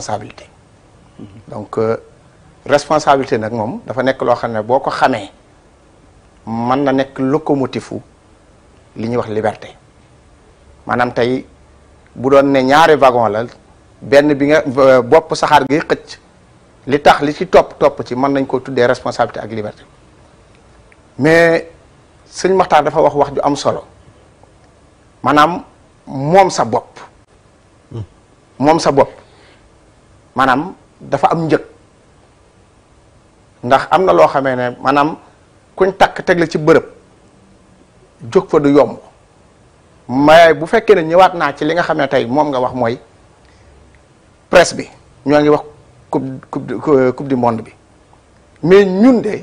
responsabilité donc euh, responsabilité nag moom dafa nekk loo xam ne boo ko xamee mën na nekk locomotive u li ñuy wax liberté maanaam tey bu doon ne ñaari wagon la benn bi nga euh, bopp saxaar gi xëcc li tax li ci topp topp ci mën nañ ko tuddee responsabilité ak liberté mais sëñ Maxtaar dafa wax wax ju am solo maanaam moom sa bopp hmm. moom sa bopp maanaam dafa am njëg ndax am na loo xamee ne maanaam kuñ takk teg la ci bërëb jóg fa du yomb mais bu fekkee ne ñëwaat naa ci li nga xam ne tey moom nga wax mooy presse bi ñoo ngi wax coupe coupe coupe du monde bi mais ñun de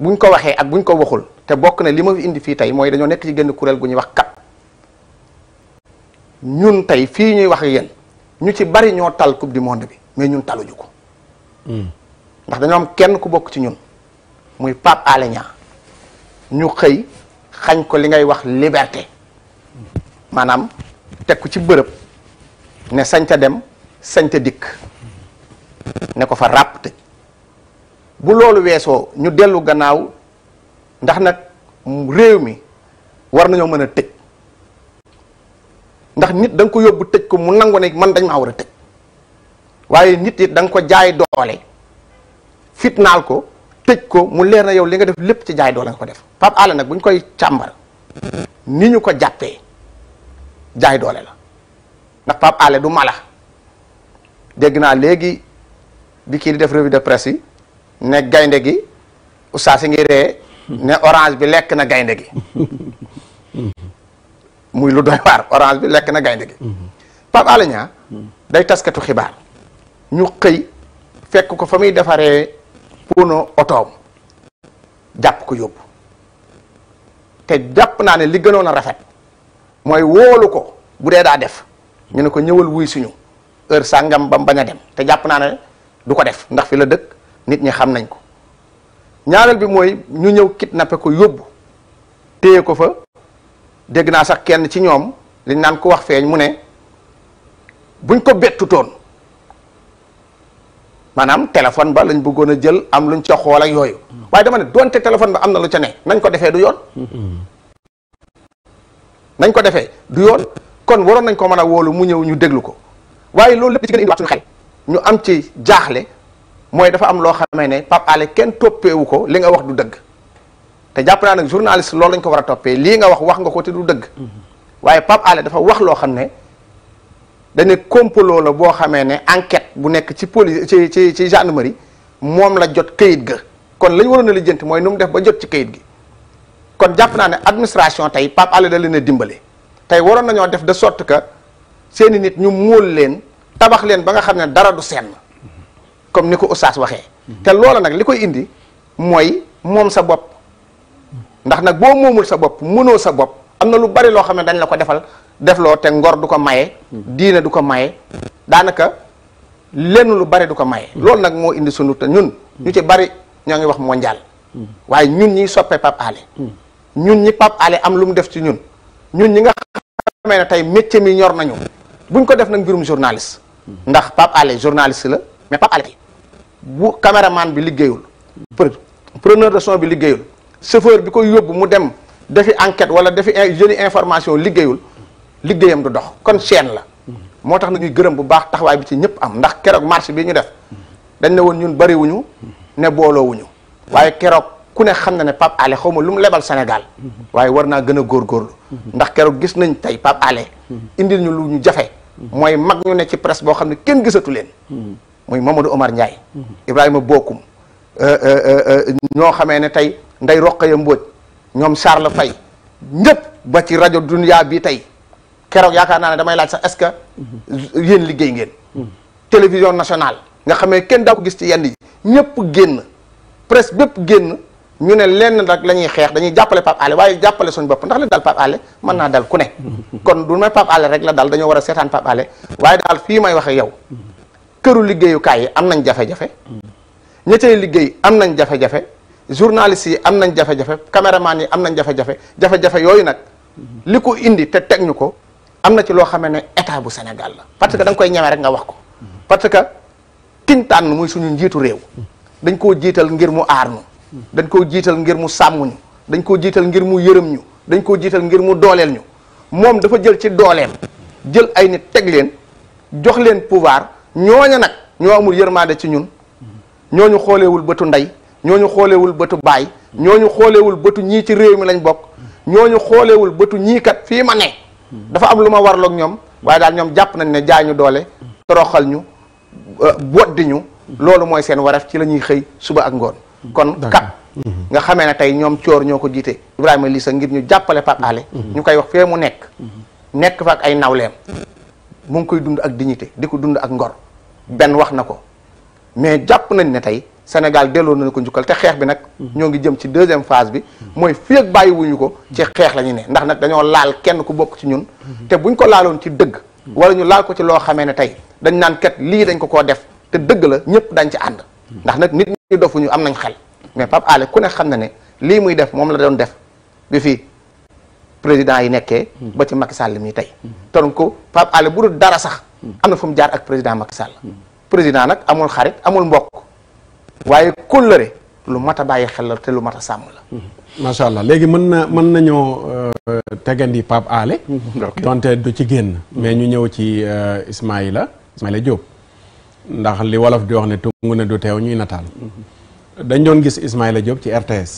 buñ ko waxee ak buñ ko waxul te bokk na li ma indi fii tey mooy dañoo nekk ci génn kuréel gu ñuy wax kat ñun tey fii ñuy wax ak ñu ci bari ñoo tal coupe du monde bi mais ñun taluñu ko. ndax dañoo am kenn ku bokk ci ñun muy Pape Alé ñu xëy xañ ko li ngay wax liberté maanaam teg ku ci bërëb ne sañta dem sañta dikk ne ko fa ràpp tëj bu loolu weesoo ñu dellu gannaaw ndax nag réew mi war nañoo mën a tëj. ndax nit danga ko yóbbu tëj ko mu nangu ne man dañ maa war a tëj waaye nit it da nga ko jaay doole fitnaal ko tëj ko mu leer na yow li nga def lépp ci jaay doole nga ko def Pape Alé nag bu ñu koy càmbar ni ñu ko jàppee jaay doole la ndax Pape Alé du mala dégg naa léegi bi kii di def revue de presse yi ne gaynde gi oustaz si ngi ree ne orange bi lekk na gaynde gi muy lu doy waar orange bi lekk na gaynde gi mhm. Pape Alé day tasketu xibaar ñu xëy fekk ko fa muy defaree pono otoom jàpp ko yóbbu te jàpp naa ne li gënoon a rafet mooy woolu ko bu dee daa def ñu ne ko ñëwal wuy suñu heure sàngam ba mu a dem te jàpp naa ne du ko def ndax fi la dëkk nit ñi xam nañ ko ñaareel bi mooy ñu ñëw kidnappé ko yóbbu téye ko fa dégg naa sax kenn ci ñoom liñ naan ko wax feeñ mu ne buñ ko bettutoon maanaam téléphone ba lañ bëggoon a jël am luñ ca xool ak yooyu waaye dama ne doonte téléphone ba am na lu ca ne nañ ko defee du yoon nañ ko defee yoon kon waroon nañ ko mën a wóolu mu ñëw ñu déglu ko waaye loolu lépp ci gën a indiwaat suñu xel ñu am ci jaaxle mooy dafa am loo xamee ne Pape Alé kenn toppeewu ko li nga wax du dëgg te jàpp naa nag journaliste loolu lañ ko war a toppee lii nga wax wax nga ko te du dëgg waaye Pape Alé dafa wax loo xam ne dañu complot la boo xamee ne enquête bu nekk ci police ci ci ci gendarmerie moom la jot kayit ga kon lañ waroon a lijjanti mooy nu mu def ba jot ci kayit gi kon jàpp naa ne administration tey Pape Alé da leen a dimbale tey waroon nañoo def de sorte que seeni nit ñu móol leen tabax leen ba nga xam ne dara du seen comme ni ko Oustaz waxee te loola nag li koy indi mooy moom sa bopp ndax nag boo moomul sa bopp mënoo sa bopp am na lu bari loo xam ne dañ la ko defal defloo te ngor du ko maye. diina du ko maye daanaka lenn lu bari du ko maye. loolu nag moo indi sunu te ñun. ñu ci bari ñoo ngi wax mondial. waaye ñun ñi soppee Pape Alé. ñun ñi Pape Alé am lu mu def ci ñun. ñun ñi nga xamee ne tey métier mi ñor nañu. buñ ko def nag mbirum journaliste. ndax Pape Alé journaliste la mais Pape Alé bu caméraman bi liggéeyul. preneur de son bi liggéeyul. chauffeur bi koy yóbbu mu dem defi enquête wala defi jëli information liggéeyul liggéeyam du dox kon chaîne la moo tax nañuy gërëm bu baax taxawaay bi ci ñëpp am ndax keroog marché bi ñu def dañ ne woon ñun bariwuñu ne booloowuñu waaye keroog ku ne xam na ne Pape Alé xaw ma lu mu lebal Sénégal waaye war naa gën a góor góorlu ndax keroog gis nañ tey Pape indi indil ñu lu ñu jafe mooy mag ñu ne ci presse boo xam ne kenn gisatu leen muy Mamadou Omar Ndiaye Ibrahima Bokum euh, euh, euh, ñoo xamee ne tey nday Roqaya Mbodj ñoom Charles Faye ñëpp ba ci rajo Dunia bi tey keroog yaakaar naa ne damay laaj sax est-ce que yéen liggéey ngeen. télévision nationale nga xamee kenn daa ko gis ci yenn yi ñëpp génn presse bépp génn ñu ne lenn rek la xeex dañuy jàppale Pape Alé waaye jàppale suñ bopp ndax li dal Pape Alé mën naa dal ku ne. kon du may Pape Alé rek la daal dañoo war a seetaan Pape waaye daal fii may wax ak yow këru liggéeyukaay yi am nañ jafe-jafe. ña liggéey am nañ jafe-jafe. journalistes yi am nañ jafe-jafe caméraman am nañ jafe-jafe yooyu nag li ko indi te teg ñu ko am na ci loo xam ne état bu Sénégal la parce que da nga koy ñeme rek nga wax ko parce que kiñ tànn muy suñu njiitu réew dañ koo jiital ngir mu aar ñu dañ koo jiital ngir mu sàmm ñu dañ koo jiital ngir mu yërëm ñu dañ koo jiital ngir mu dooleel ñu moom dafa jël ci dooleem jël ay nit teg leen jox leen pouvoir ñooña nag ñoo amul de ci ñun ñoo ñu xoolewul bëtu ndey ñoo ñu xoolewul bëtu baay ñoo ñu xoolewul bëtu ñii ci réew mi lañ bokk ñoo ñu xoolewul bëtu ñii kat fii ma ne dafa am lu ma warloog ñoom waaye daal ñoom jàpp nañ ne jaay ñu doole toroxal ñu euh, boddi ñu loolu mooy seen waraf ci la ñuy xëy suba ak kon kat mhm. xamee ne tey ñoom coor ñoo ko jiite Ibrahima Lissa ngir ñu jàppale Pape Alé mhm. ñu koy wax fee mu nekk mhm. nekk fa ak ay nawleem mu ngi koy dund ak dignité di ko dund ak ngor benn wax na ko mais jàpp nañ ne tey Sénégal delloo nañu ko njukkal te xeex bi nag ñoo ngi jëm ci deuxième phase bi mooy fii ak bàyyiwuñu ko ci xeex la ñu ne ndax nag dañoo laal kenn ku bokk ci ñun te buñ ko laaloon ci dëgg wala ñu laal ko ci loo xamee ne tey dañ naan kat lii dañ ko koo def te dëgg la ñëpp dañ ci ànd ndax nag nit ñi dofuñu am nañ xel mais Pape Alé ku ne xam na ne lii muy def moom la doon def bi fii président yi nekkee ba ci Macky Sall mii tey ton ko Pape Alé bu dul dara sax am na fu mu jaar ak président Macky Sall président nag amul xarit amul mbokk waaye kóllëre lu mat a bàyyi xel la te lu mat sàmm la. Mhm. macha allah léegi mën na mën nañoo euh, tegandi Pape Alé. Mhm. donte du ci génn. mais ñu ñëw ci euh, Ismaïla Ismaïla Diop. ndax li wolof di wax ne tungu ne du teew ñuy nataal. Mhm. dañ doon gis Ismaïla Diop ci RTS.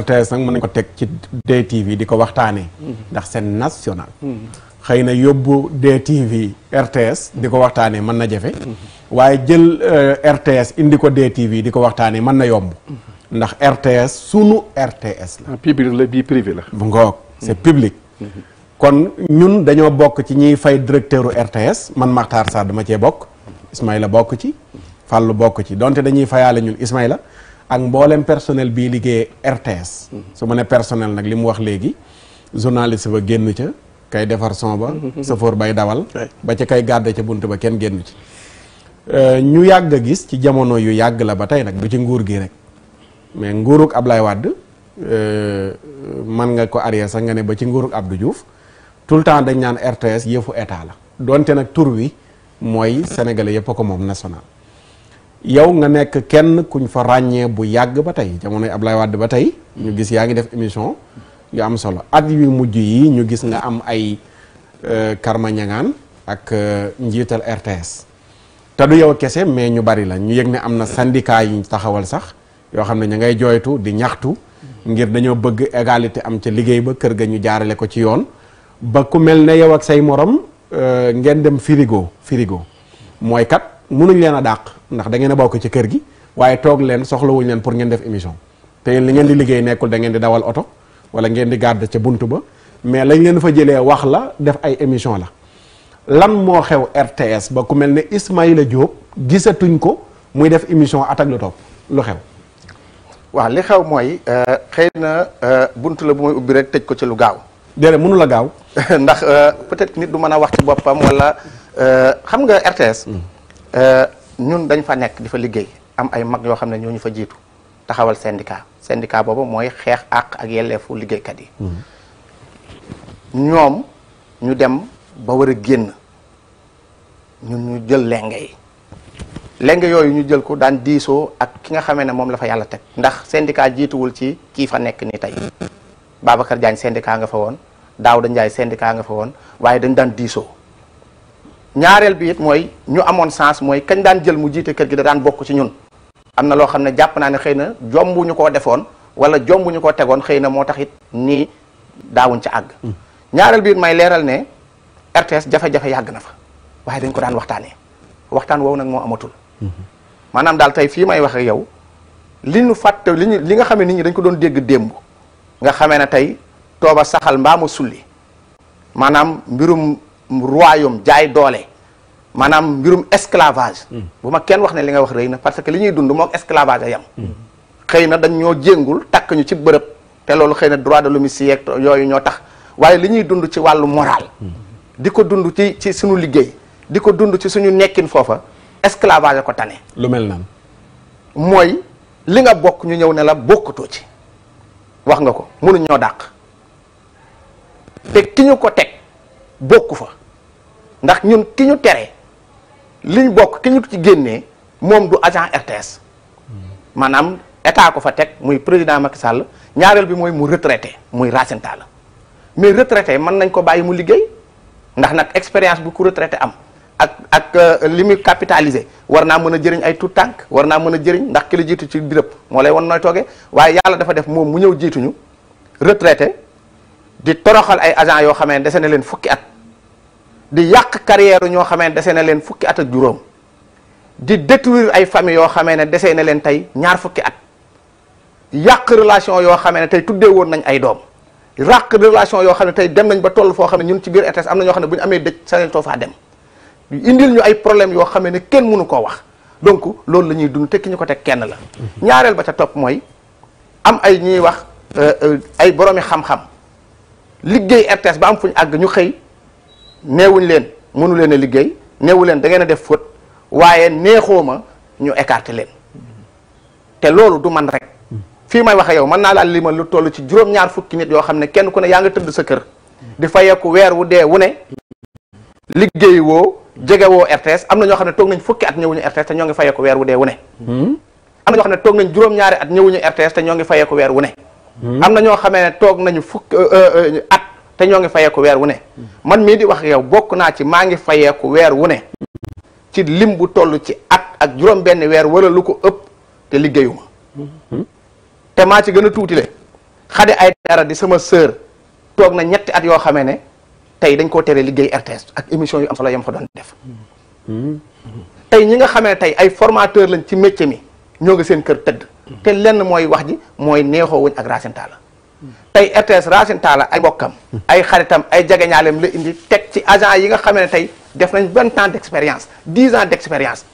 RTS nag mën nañ ko teg ci DTV di ko waxtaanee. ndax seen national. xëy na yóbbu DTV RTS di ko waxtaanee mën na jafe waaye jël euh, RTS indi ko DTV di ko waxtaanee mën na yomb ndax RTS sunu RTS la. Ah, public la bii privé la. bu ngoog c'est public. kon ñun dañoo bokk ci ñiy fay directeuru RTS man Makhtar Sarr dama cee bokk Ismaïla bokk ci Fallou bokk ci donte dañuy fayaale ñun Ismaïla ak mboolem personnel bii liggéey RTS. su ma ne personnel nag li mu wax léegi journaliste ba génn ca. kay defar son ba safoor mhm. mhm. bay dawal ba ca kay gàdde ca bunt ba kenn génn ci euh, ñu yàgg a gis ci jamono yu yàgg la ba tey nag du ci nguur gi rek mais nguurug Ablaye Wade euh, man nga ko arrière sax nga ne ba ci nguurug Abdou Diouf tout le temps dañ naan RTS yëfu état la donte nag tur wi mooy sénégalais yëpp ko moom national yow nga nekk kenn kuñ fa ràññee bu yàgg ba tey jamonoy lay wàdd ba tey ñu gis yaa ngi def émission yu am solo at yu mujj yi ñu gis nga am ay euh, karma ñangaan ak euh, njiital RTS te du yow kese mais ñu bari la ñu yëg ne am na syndicat yi taxawal sax yoo xam ne ñu ngay jooytu di ñaxtu ngir dañoo bëgg égalité am ca liggéey ba kër ga ñu jaarale ko ci yoon ba ku mel ne yow ak say morom euh, ngeen dem firigo firigo mooy kat munuñ leen a dàq ndax da ngeen a bokk ci kër gi waaye toog leen soxlawuñ leen pour ngeen def émission te yéen li ngeen di liggéey nekkul da di dawal oto wala ngeen di gàdd ca bunt ba mais lañ leen fa jëlee wax la def ay émission la lan moo xew RTS ba ku mel ne Ismaïla Diop gisatuñ ko muy def émission attaque le topp lu xew waaw li xew mooy euh, xëy na euh, bunt la bu may ubbi rek tëj ko ci lu gaaw déedéet mënu la gaaw ndax euh, peut-être nit du mën a wax ci boppam wala xam nga RTS mm. ñun dañ fa nekk di fa liggéey am ay mag yoo xam ne ñoo ñu fa jiitu taxawal syndicat syndicat boobu mooy xeex àq ak yelleefu liggéeykat yi hmm. ñoom ñu dem ba war a génn ñun ñu jël lenge yi lenge yooyu ñu jël ko daan diisoo ak ki nga xamee ne moom la fa yàlla teg ndax syndicat jiituwul ci kii fa nekk ni tey Babacar Diagne syndicat nga fa woon Daouda Ndiaye syndicat nga fa woon waaye dañ daan diisoo ñaareel bi it mooy ñu amoon sens mooy kañ daan jël mu jiite kër gi da daan bokk ci ñun am na loo xam ne jàpp naa ne xëy na jombu ñu koo defoon wala jombu ñu koo tegoon xëy na moo tax it nii daawuñ ci àgg. Mm. ñaareel biir may leeral ne RTS jafe-jafe yàgg na fa waaye dañ ko daan waxtaanee waxtaan woowu nag moo amatul. Mm-hmm. maanaam daal tey fii may wax yow li nu fàtte li li nga xam ne nit ñi dañ ko doon dégg démb. nga xamee ne tey tooba saxal mbaamu sulli maanaam mbirum royaume jaay doole. maanaam mbirum esclavage. bu ma kenn wax ne li nga wax rëy na parce que li ñuy dund moo esclavage a yem. xëy na dañ ñoo jéngul takk ñu ci bërëb te loolu xëy na droit de si yeeg yooyu ñoo tax waaye li ñuy dund ci wàllu moral. di ko dund ci ci suñu liggéey di ko dund ci suñu nekkin foofa esclavage a ko tane. lu mel nan mooy li nga bokk ñu ñëw ne la bokkatoo ci wax nga ko mënuñ dàq te ki ñu ko teg bokk fa ndax ñun ki ñu tere. liñ bokk ki ñu ci génnee moom du agent RTS maanaam état ko fa teg muy président Macky Sall ñaareel bi mooy mu retraité muy Racine Talla mais retraité mën nañ ko bàyyi mu liggéey ndax nag expérience bu ku retraité am ak ak euh, li muy capitalisé war naa mën a jëriñ ay tout tànk war naa mën a jëriñ ndax ki jiitu ci birëb moo lay won nooy toogee waaye yàlla dafa def moom mu ñëw jiituñu retraité di toroxal ay agent yoo xamee dese na leen fukki at di yàq carrière ñoo xamee ne dese na leen fukki at ak juróom di détruire ay famille yoo xamee ne dese na leen tey ñaar fukki at yàq relation yoo xamee ne tey tuddee woon nañ ay doom ràq relation yoo xam ne tey dem nañ ba toll foo xam ne ñun ci biir RTS am na ñoo xam ne bu ñu amee dëj sanel too faa dem indil ñu ay problème yoo xamee ne kenn mënu koo wax donc loolu la ñuy dund te ki ñu ko teg kenn la ñaareel ba ca topp mooy am ay ñuy wax euh, euh, ay boroomi xam liggéey RTS ba am fu àgg ñu xëy neewuñ leen mënu leen a liggéey newu leen da ngeen a def faute waaye neexoo ma ñu écarter leen te loolu du man rek fii may waxe yow mën naa laa limal lu toll ci juróom-ñaar fukki nit yoo xam ne kenn ku ne yaa nga tëdd sa kër di fayeeku weer wu dee wu ne liggéey woo jege woo RTS am na ñoo xam ne toog nañ fukki at ñëwuñu RTS te ñoo ngi fayeeku weer wu dee wu ne am na ñoo xam toog nañ juróom-ñaari at ñëwuñu RTS te ñoo ngi fayeeku weer wu ne hmm. am na ñoo xamee ne toog nañu fukk euh, euh, euh, at te ñoo ngi fayeeku weer wu ne man mii di wax yow bokk naa ci maa ngi fayeeku weer wu ne ci lim bu toll ci at ak juróom benn weer wala lu ko ëpp te liggéeyuma te maa ci gën a tuuti le xadi ay dara di sama sœur toog na ñetti at yoo xamee ne tey dañ koo tere liggéey RTS ak émission yu am solo yam fa doon def tey ñi nga xamee ne tey ay formateur lañ ci métier mi ñoo ngi seen kër tëdd te lenn mooy wax ji mooy neexoo wuñ ak Racine Talla tey RTS Racine Talla ay bokkam ay xaritam ay jegeñaaleem la indi teg ci agent yi nga xam ne tey def nañ vingt ans d' expérience dix ans d' expérience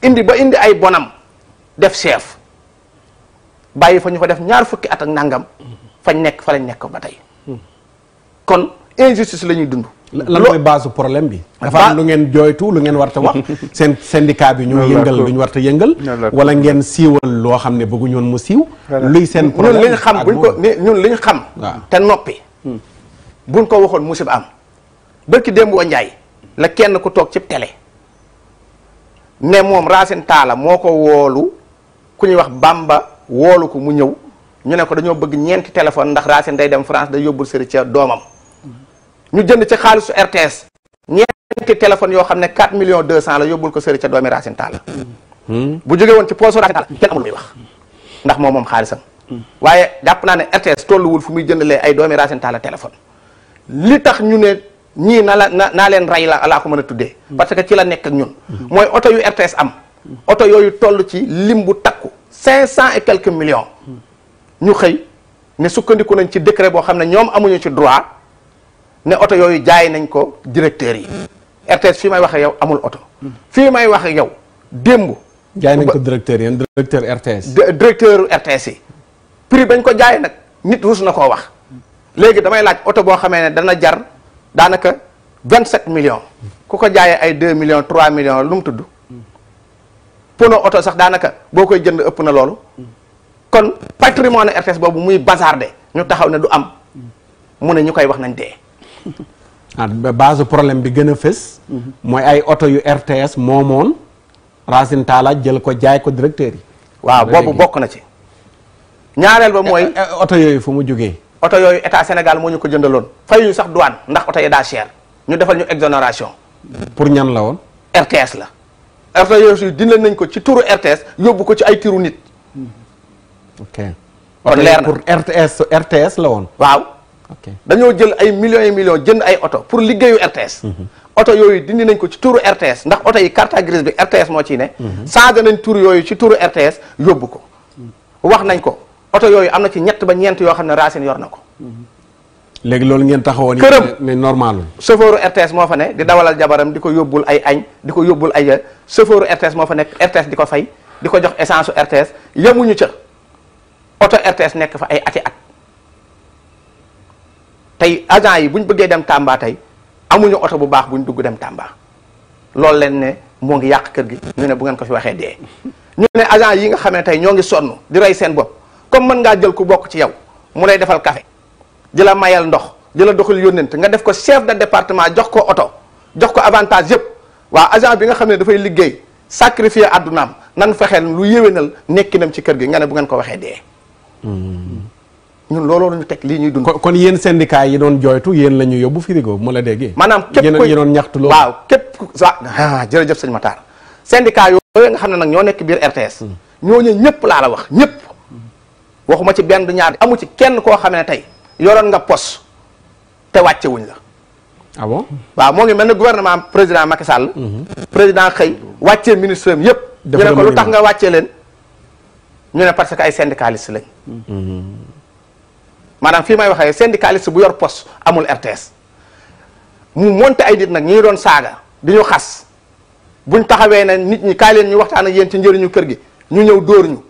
indi ba indi ay bonam def chef bàyyi fa ñu fa def ñaar fukki at ak nangam fañ nekk fa lañ nekk ba tey kon injustice la ñuy dund. lan mooy base problème bi. dafa am lu ngeen jooytu lu ngeen war a wax. seen syndicat bi ñoo yëngal lu ñu war a yëngal. wala ngeen siiwal loo xam ne bëgguñu woon mu siiw. luy seen problème ñun li ñu xam buñ ko ñun li ñu xam. te noppi. Hmm. buñ ko waxoon musiba am. barki démb wa Njaay la kenn ku toog ci télé. ne moom Racine taala moo ko woolu ku ñuy wax Bamba woolu ko mu ñëw ñu ne ko dañoo bëgg ñeenti téléphone ndax Racine day dem France day yóbbul sëri ca doomam. ñu jënd ci xaalisu RTS ñeenti téléphone yoo xam ne 4 millions 200 la yóbbul ko sëri ca doomi Racine Talla hmm? bu jóge woon ci poche Racine Talla kenn amul muy wax ndax moom moom xaalisam hmm. waaye jàpp naa ne RTS tolluwul fu muy jëndalee ay doomi Racine Talla téléphone li tax ñu ne ñii na la na naa leen rey la laa ko mën a tuddee hmm. parce que ci la nekk ak ñun mooy oto yu RTS am oto yooyu toll ci lim bu takku cinq cent et quelques millions ñu xëy ne sukkandiku nañ ci décret boo xam ne ñoom amuñu ci droit ne oto yooyu jaay nañ ko directeur yi RTS fii may waxee ak yow amul oto fii may waxee ak yow démb jaay nañ ko directeur yéen directeur RTS yi prix bañ ko jaay nag nit rus na koo wax léegi damay laaj oto boo xamee ne dana jar daanaka vingt sept million ku ko jaayee ay deux millions trois millions lu mu tudd pono oto sax daanaka boo koy jënd ëpp na loolu kon patrimoine RTS boobu muy bazardé ñu taxaw ne du am mu ne ñu koy wax nañ dee ah base problème bi gën a fës. Mhm. mooy ay oto yu RTS moomoon Racine Talla jël ko jaay ko directeur yi. waaw boobu bokk na ci. ñaareel ba mooy eh, eh, oto yooyu fu mu jógee. oto yooyu état Sénégal moo ñu ko jëndaloon. fayuñu sax duwaan ndax oto yi daa cher ñu defal ñu exonération. pour ñan la woon. RTS la. RTS yooyu dina nañ ko ci turu RTS yóbbu ko ci ay tiru nit. ok kon pour RTS la woon. dañoo jël ay millions et millions jënd ay oto pour liggéeyu RTS. Mhm. oto yooyu dindi nañ ko ci tuuru RTS ndax oto yi carte grise bi RTS moo ciy ne. Mhm. saaga nañ tuur yooyu ci tuuru RTS yóbbu ko. Mhm. wax nañ ko oto yooyu am na ci ñett ba ñeent yoo xam ne Racine yor na ko. léegi loolu ngeen taxawoon. këram ne normal chauffeuru RTS moo fa ne di dawalal jabaram di ko yóbbul ay añ di ko yóbbul ay chauffeuru RTS moo fa nekk RTS di ko fay di ko jox essence su RTS yemuñu ca oto RTS nekk fa ay ati at. tey agent yi bu ñu bëggee dem Tamba tey amuñu oto bu baax bu ñu dugg dem Tamba loolu leen ne moo ngi yàq kër gi ñu ne bu ngeen ko fi waxee dee ñu ne agent yi nga xam ne tey ñoo ngi sonn di rey seen bopp comme mën ngaa jël ku bokk ci yow mu lay defal café di la mayal ndox di la doxul yónnent nga def ko chef de département jox ko oto jox ko avantage yëpp waa agent bi nga xam ne dafay liggéey sacrifier àddunaam nan fexeel lu yéwénal nekkinam ci kër gi nga ne bu ngeen ko waxee dee hmm. ñun looloo ñu teg lii ñuy dund. kon yéen syndicat yi doon jooytu yéen la ñu yóbbu frigo bu ma la déggee. maanaam képp koy yéen a loolu. waaw képp ku ah jërëjëf sëñ Matar. syndicat yooyu nga xam ne nag ñoo nekk biir RTS. Hmm. ñooñu ñëpp laa la wax ñëpp. Hmm. waxuma ci benn ñaar amu ci kenn koo xam ne tey yoroon nga pos te wàcce wuñ la. Ah waaw moo ngi mel ne gouvernement président Macky Sall. Hmm. président xëy wàccee ministre am yëpp. ñu ne ko lu tax nga wàccee leen ñu ne parce que ay syndicalistes lañ. maanaam fii may waxee syndicaliste bu yor poste amul RTS mu moonte ay nit nag ñi doon saaga di ñu xas buñ taxawee ne nit ñi kaay leen ñu waxtaan ak yéen ci njëriñu kër gi ñu ñëw dóor ñu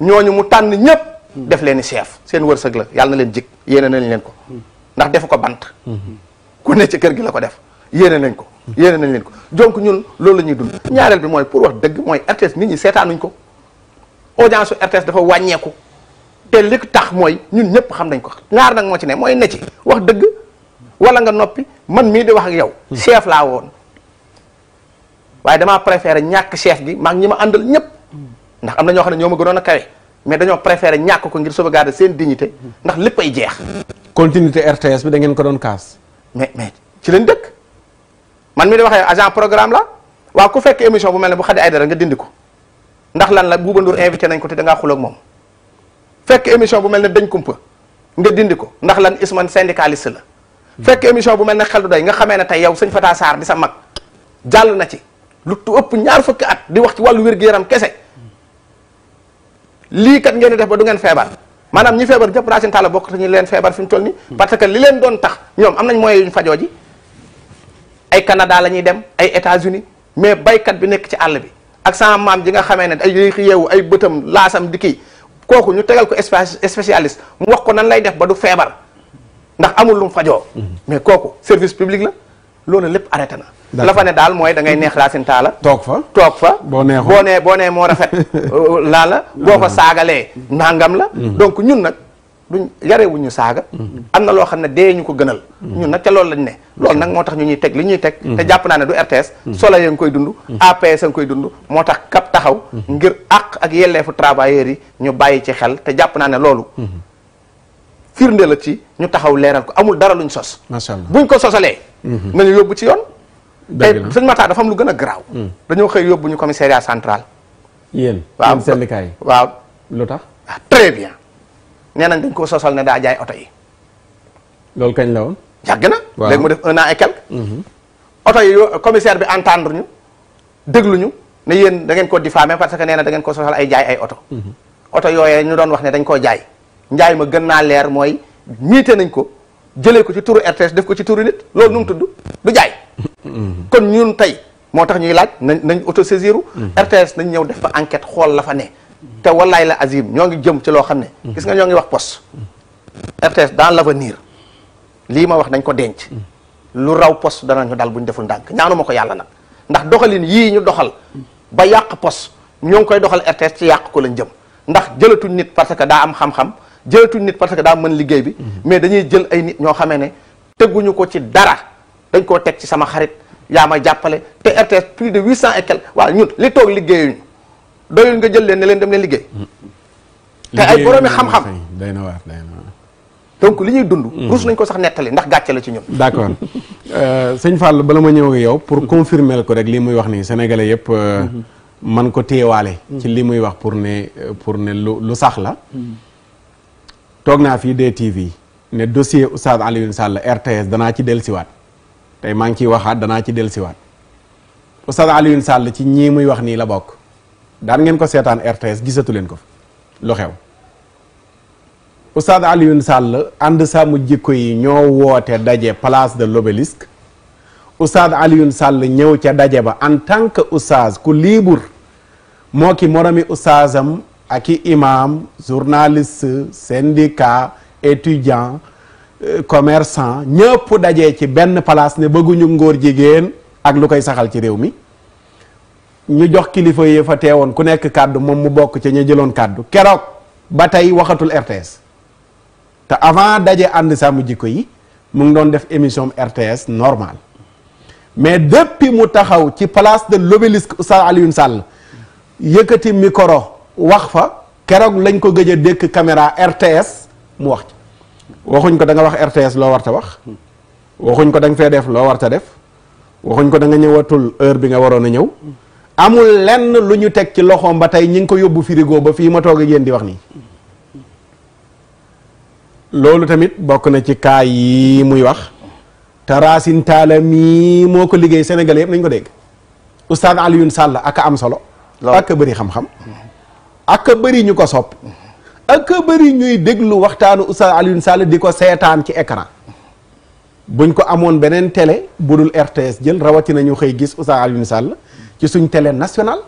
ñooñu mu tànn ñëpp def leen i chef seen wërsëg la yàlla na leen jig yéene nañ leen ko ndax defu ko bant ku ne ci kër gi la ko def yéene nañ ko yéene nañ leen ko donc ñun loolu la ñuy dund ñaareel bi mooy pour wax dëgg mooy RTS nit ñi seetaanuñ ko audience RTS dafa wàññeeku te li tax mooy ñun ñëpp xam nañ ko ñaar nag moo ci ne mooy ne ci wax dëgg wala nga noppi man mii di wax ak yow. Hmm. chef laa woon waaye damaa préféré ñàkk chef gi maak ñi ma àndal ñëpp hmm. ndax am na ñoo xam ne ñoo ma gënoon a kawe mais dañoo préféré ñàkk ko ngir sauvegarder seen dignité hmm. ndax lépp ay jeex. continuité RTS bi da ngeen ko doon kaas. mais mais ci leen dëkk man mi di waxee agent programme la waaw ku fekk émission bu mel ne bu Xadi Aydara nga dindi ko ndax lan la Bouba invité nañ ko te moom. fekk émission bu mel ne dañ kumpa nga dindi ko ndax lan Isman syndicaliste la fekk émission bu mel ne xel du doy nga xamee ne tey yow sëñ Fata Sarr di sa mag jàll na ci lu ëpp ñaar fukki at di wax ci wàllu wér-gu-yaram kese lii kat ngeen di def ba du ngeen feebar maanaam ñi feebar ñëpp racine tala bokk te ñu leen feebar fi mu toll ni parce que li leen doon tax ñoom am nañ moyens yuñ fajoo ji ay Canada la ñuy dem ay États-Unis mais baykat bi nekk ci àll bi ak sama maam ji nga xamee ne ay yeewu ay bëtam laasam di kii kooku ñu tegal ko espace spécialiste mu wax ko nan lay def ba du feebar ndax amul lum mu fajoo mhm. mais kooku service public la loolu lépp arrêté na la fa ne daal mooy da neex laa sin taala toog fa toog fa boo nee boo nee moo rafet laa la boo ko ah. saagalee nangam la mhm. donc ñun nag lu duñ yarewuñu saaga am na loo xam ne dee ñu ko gënal ñun nag ca loolu lañ ne loolu nag moo tax ñu ñuy teg lu ñuy teg te jàpp naa ne du RTS solo ya koy dund APS a koy dund moo tax kap taxaw ngir àq ak yelleefu travailleurs yi ñu bàyyi ci xel te jàpp naa ne loolu firnde la ci ñu taxaw leeral ko amul dara luñ sos macha allah buñ ko sosalee mhm. nañu yóbbu ci yoon tey sëñ Matar dafa am lu gën a garaaw mhm. dañoo xëy yóbbu ñu commissariat central yéen waaw syndicat yi waaw lu tax ah, très bien nee nañ dañ koo sosal ne daa jaay oto yi. loolu kañ la woon. yàgg na. waaw léegi mu def un an et quelque. Mhm. oto yi commissaire bi entendre ñu déglu ñu ne yéen da ngeen ko diffamé parce que nee na da ngeen ko sosal ay jaay ay oto. Mhm. oto yooyee ñu doon wax ne dañ koo jaay njaay ma gën naa leer mooy miite nañ ko jëlee ko ci turu RTS def ko ci turu nit loolu nu mu tudd du jaay. Mhm. kon ñun tey moo tax ñuy laaj nañ nañ auto saisiru RTS nañ ñëw def fa enquête xool la fa ne. te wallaay la azim ñoo ngi jëm ci loo xam ne mm-hmm. gis nga ñoo ngi wax poste la mm-hmm. dans niir lii ma wax nañ ko denc mm-hmm. lu raw poste danañu dal bu ñu deful ndànk ñaanuma ko yàlla nag ndax doxalin yii ñu doxal ba yàq poste ñoo ngi koy doxal RTS ci yàq ko lañ jëm ndax jëlatuñ nit parce que daa am xam-xam jëlatuñ nit parce que daa mën liggéey bi mais dañuy jël ay nit ñoo xamee ne teguñu ko ci dara dañ koo teg ci sama xarit yaa ma jàppale te RTS plus de huit cent et quelques waaw li toog liggéeyuñu doyul nga jël leen ne leen dem leen liggéey. te ay boroomi xam-xam day na waar day donc li ñuy dund. Mm. rus nañ ko sax nettali ndax gàcce la ci ñun. d' accord euh, sëñ Fall bala ma ñëw yow pour confirmer ko rek lii muy wax nii sénégalais yëpp. Euh, mm-hmm. man ko téewaale. ci mm-hmm. li muy wax pour ne euh, pour ne lu lu sax la. Mm-hmm. toog naa fii DTV ne dossier Oustaz Alioune sàll RTS danaa ci dellusiwaat tey maa ngi ciy waxaat danaa ci dellusiwaat Oustaz Alioune Sall ci ñii muy wax nii la bokk. daan ngeen ko seetaan RTS gisatu leen ko fa lu xew Oustaz Alioune Sall ànd sàmm jikko yi ñoo woote daje place de l'obélisque Oustaz Alioune Sall ñëw ca daje ba en tant que oustaz ku libre moo ki moromi oustazam ak i imam journaliste syndicat étudiant euh, commerçant ñëpp daje ci benn place ne bëgguñu ngóor jigéen ak lu koy saxal ci réew mi ñu jox kilifa yi fa teewoon ku nekk kàddu moom mu bokk ca ña jëloon kàddu keroog ba tey waxatul RTS te avant daje ànd sàmm jikko yi mu ngi doon def émission RTS normal mais depuis mu taxaw ci place de l'obélisque Oustaz Alioune Sall yëkkati mikoro wax fa keroog lañ ko gëj a dékk caméra RTS mu wax ci waxuñ ko da nga wax RTS loo war wax waxuñ ko da nga fee def loo warta def waxuñ ko da nga ñëwatul heure bi nga waroon a ñëw amul lenn lu ñu teg ci loxoom ba tey ñi ngi ko yóbbu firigo ba fii ma toog ak yéen di wax nii loolu tamit bokk na ci cas yi muy wax te Racine mii moo ko liggéey Sénégalais yëpp nañ ko dégg Oustaz Alioune sàll ak am solo ak bëri xam-xam ak bëri ñu ko sopp ak bëri ñuy déglu waxtaanu Oustaz Alioune Sall di ko seetaan ci écran buñ ko amoon beneen tele bu dul RTS jël rawatina ñu xëy gis Oustaz Alioune Sall ci suñ télé national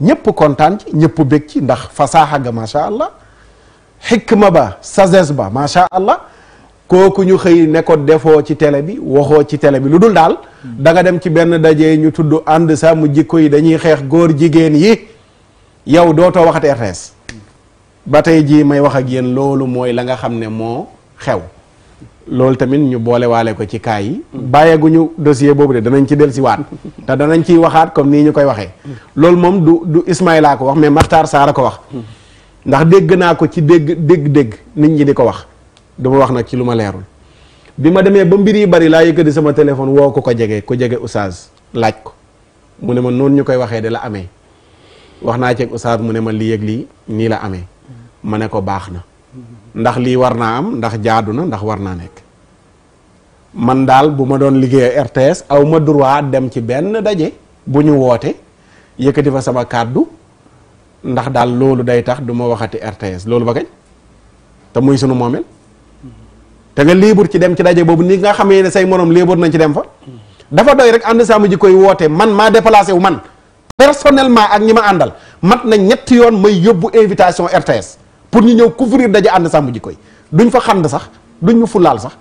ñëpp kontaan ci ñëpp bég ci ndax fasaaxa ga macha allah xikma ba sagesse ba macha allah kooku ñu xëy ne ko defoo ci télé bi waxoo ci télé bi lu dul daal hmm. da nga dem ci benn daje ñu tudd ànd sàmm jikko yi dañuy xeex góor jigéen yi yow dootoo waxat RTS hmm. ba tey jii may wax ak yéen loolu mooy la nga xam ne moo xew loolu tamit ñu boole waale ko ci kaa yi bàyyeeguñu dossier boobu de danañ ci dellusiwaat te danañ ciy waxaat comme nii ñu koy waxee loolu moom du du Ismaïla ko wax mais maxtaar saara ko wax ndax dégg naa ko ci dégg dégg-dégg nit ñi di ko wax du wax nag ci lu ma leerul bi ma demee ba mbir yi bari laa yëkkati sama téléphone woo ko ko jege ko jege oustaz laaj ko mu ne ma noonu ñu koy waxee de la amee wax naa ceeg oustaz mu ne ma li yëg lii nii la amee ma ne ko baax na ndax lii war naa am ndax jaadu na ndax war naa nekk man daal bu ma doon liggéey RTS aw ma droit dem ci benn daje bu ñu woote yëkkati fa sama kàddu ndax daal loolu day tax du ma waxati RTS loolu ba kañ te muy sunu moomeel te nga libre ci dem ci daje boobu ni nga xamee ne say morom libre nañ ci dem fa dafa doy rek ànd sàmm ji koy wootee man maa déplacé wu man personnellement ak ñi ma àndal mat na ñetti yoon may yóbbu invitation RTS pour ñu ñëw couvrir daje ànd sàmm jikko koy duñ fa xand sax duñ ñu fulaal sax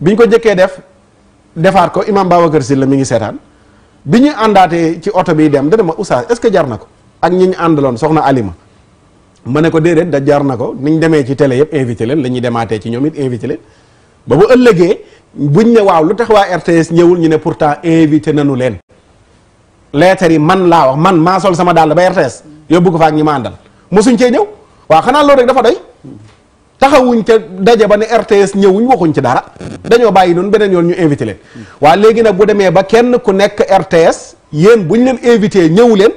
biñ ko jëkkee def defaat ko imam Babacar Sylla mi ngi seetaan bi ñu àndaatee ci oto bi dem dana ma oustaz est-ce que jar na ko ak ñi ñu àndaloon soxna Alima ma ne ko déedéet da jar na ko ni ñu demee ci télé yëpp invité leen lañuy demaatee ci ñoom it invité leen ba bu ëllëgee buñ ne waaw lu tax waa RTS ñëwul ñu ne pourtant invité nañu leen. lettre yi man laa wax man maa sol sama dàll ba RTS yóbbu fa ak ñi mosuñ cee ñëw waa xanaa loolu rek dafa doy taxawuñ ca daje ba ne RTS ñëwuñ waxuñ ci dara dañoo bàyyi noonu beneen yoon ñu invité leen waa léegi nag bu demee ba kenn ku nekk RTS yéen ñu leen invité ñëw leen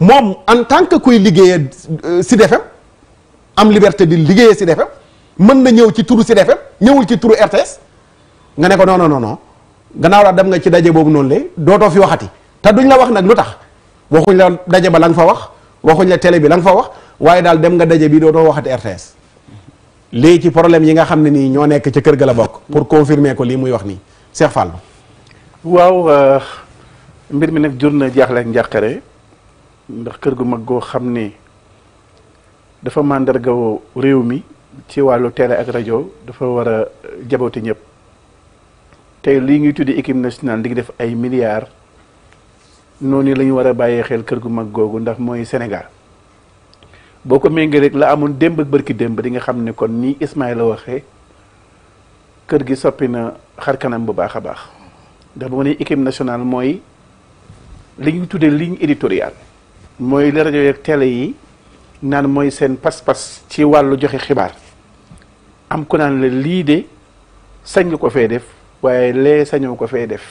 moom en tant que kuy liggéeyee euh, si FM am liberté di liggéeye si FM mën na ñëw ci turu si FM ñëwul ci turu RTS nga ne ko non non non gannaaw la dem nga ci daje boobu noonu le dootoo fi waxati te duñ la wax nag lu tax waxuñ la daje ba la fa wax waxuñ la télé bi la nga fa wax waaye daal dem nga daje bi dootoo waxati RTS léegi ci problème yi nga xam ne nii ñoo nekk ca kër ga la bokk pour confirmer ko lii muy wax nii Cheikh Fall. waaw euh, mbir mi nag jur na jaaxle ak njàqare ndax kër gu mag goo xam ne dafa màndargawoo réew mi ci wàllu télé ak rajo dafa war a jaboote ñëpp te lii ngi tuddi équipe nationale di def ay milliards noonu la ñu war a bàyyee xel kër gu mag googu ndax mooy Sénégal. boo ko méngee rek la amoon démb bërki démb di nga xam ne kon nii Ismaïla waxee kër gi soppi na xarkanam bu baax a baax ndax bu ma nee équipe nationale mooy li ñuy tuddee ligne éditoriale. mooy la rajo yeeg télé yi naan mooy seen pas-pas ci wàllu joxe xibaar am ko naan la lii de sañ nga ko fee def waaye lee sañoo ko fee def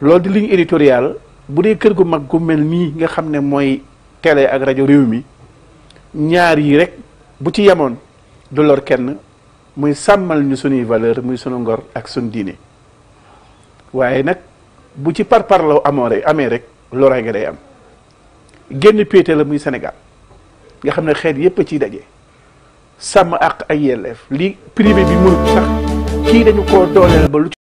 loolu di ligne éditoriale bu dee kër gu mag gu mel nii nga xam ne mooy. télé ak rajo réew mi ñaar yi rek bu ci yemoon du lor kenn muy sàmmal ñu sunuy valeur muy sunu ngor ak sunu diine waaye nag bu ci parparloo amoon rek amee rek loree nga day am génn péete la muy Sénégal nga xam ne xeet yépp a ciy daje sàmm ak ay yelleef li privé bi mënut sax kii dañu ko dooleel ba lu